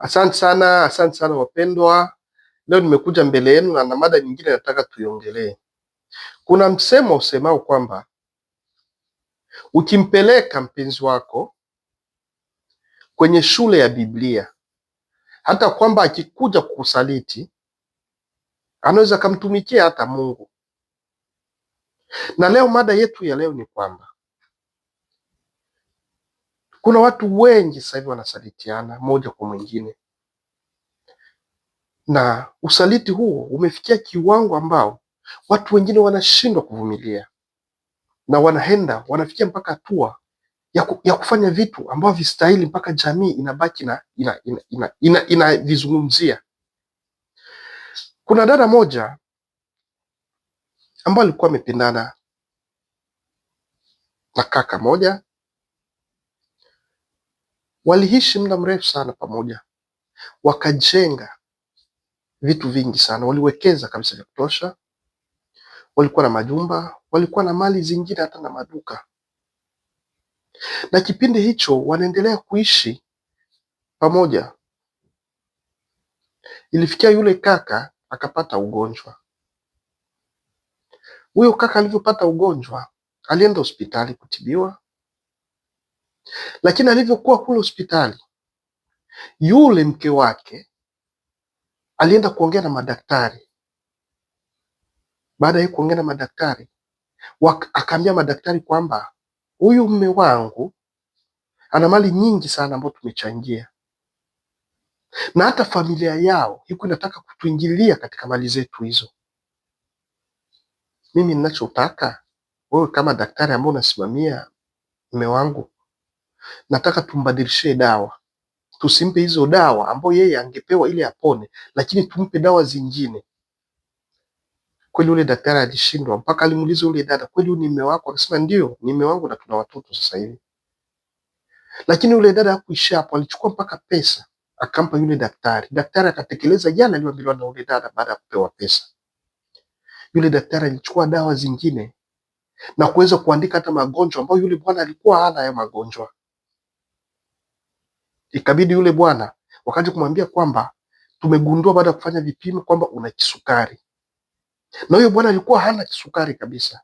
Asante sana, asante sana wapendwa. Leo nimekuja mbele yenu na na mada nyingine nataka tuiongelee. Kuna msemo usemao kwamba ukimpeleka mpenzi wako kwenye shule ya Biblia, hata kwamba akikuja kukusaliti anaweza akamtumikia hata Mungu. Na leo mada yetu ya leo ni kwamba kuna watu wengi sasa hivi wanasalitiana moja kwa mwingine, na usaliti huo umefikia kiwango ambao watu wengine wanashindwa kuvumilia na wanaenda wanafikia mpaka hatua ya, ku, ya kufanya vitu ambavyo vistahili mpaka jamii inabaki na inavizungumzia ina, ina, ina. Kuna dada moja ambayo alikuwa amependana na kaka moja Waliishi muda mrefu sana pamoja, wakajenga vitu vingi sana, waliwekeza kabisa vya kutosha. Walikuwa na majumba, walikuwa na mali zingine, hata na maduka, na kipindi hicho wanaendelea kuishi pamoja. Ilifikia yule kaka akapata ugonjwa. Huyo kaka alivyopata ugonjwa, alienda hospitali kutibiwa lakini alivyokuwa kule hospitali, yule mke wake alienda kuongea na madaktari. Baada ya kuongea na madaktari, akaambia madaktari kwamba huyu mme wangu ana mali nyingi sana ambayo tumechangia na hata familia yao iko inataka kutuingilia katika mali zetu hizo. Mimi ninachotaka wewe kama daktari ambao unasimamia mme wangu, nataka tumbadilishie dawa, tusimpe hizo dawa ambayo yeye angepewa ili apone, lakini tumpe dawa zingine. Kweli ule daktari alishindwa, mpaka alimuuliza ule dada, kweli ni mume wako? Akasema ndio, ni mume wangu na tuna watoto sasa hivi. Lakini ule dada hakuishia hapo, alichukua mpaka pesa akampa yule daktari. Daktari akatekeleza jana aliyoambiwa na ule dada. Baada ya kupewa pesa, yule daktari alichukua dawa zingine na kuweza kuandika hata magonjwa ambayo yule bwana alikuwa hana hayo magonjwa ikabidi yule bwana wakaja kumwambia kwamba tumegundua baada ya kufanya vipimo kwamba una kisukari, na huyo bwana alikuwa hana kisukari kabisa.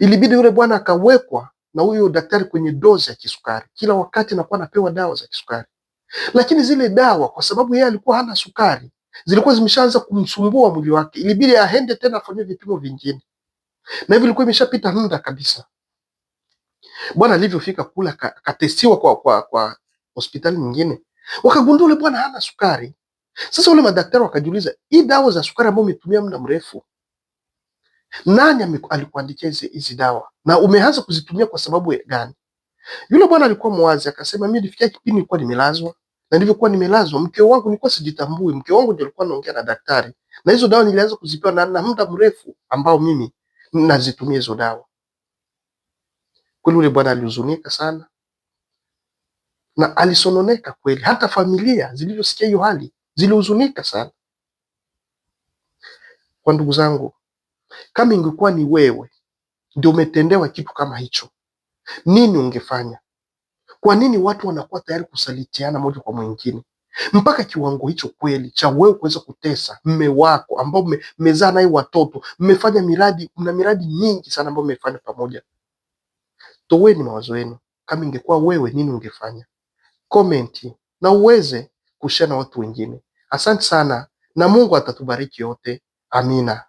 Ilibidi yule bwana akawekwa na huyo daktari kwenye dozi ya kisukari, kila wakati anakuwa anapewa dawa za kisukari. Lakini zile dawa, kwa sababu yeye alikuwa hana sukari, zilikuwa zimeshaanza kumsumbua mwili wake, ilibidi aende tena afanyiwe vipimo vingine, na hivyo ilikuwa imeshapita muda kabisa. Bwana alivyofika kule akatestiwa kwa, kwa, kwa hospitali nyingine, wakagundua ule bwana hana sukari. Sasa wale madaktari wakajiuliza, hii dawa za sukari ambayo umetumia muda mrefu, nani alikuandikia hizi dawa na umeanza kuzitumia kwa sababu gani? Yule bwana alikuwa mwazi, akasema mimi nilifikia kipindi nilikuwa nimelazwa na nilivyokuwa nimelazwa, mke wangu nilikuwa sijitambui, mke wangu ndio alikuwa anaongea na daktari, na hizo dawa nilianza kuzipewa na na muda mrefu ambao mimi nazitumia hizo dawa. Kweli ule bwana alihuzunika sana, na alisononeka kweli. Hata familia zilivyosikia hiyo hali zilihuzunika sana. Kwa ndugu zangu, kama ingekuwa ni wewe ndio umetendewa kitu kama hicho, nini ungefanya? Kwa nini watu wanakuwa tayari kusalitiana moja kwa mwingine mpaka kiwango hicho kweli cha wewe kuweza kutesa mme wako ambao mmezaa naye watoto, mmefanya miradi, mna miradi nyingi sana ambayo mmefanya pamoja. Toweni mawazo yenu, kama ingekuwa wewe, nini ungefanya? komenti na uweze kushare na watu wengine. Asante sana na Mungu atatubariki yote. Amina.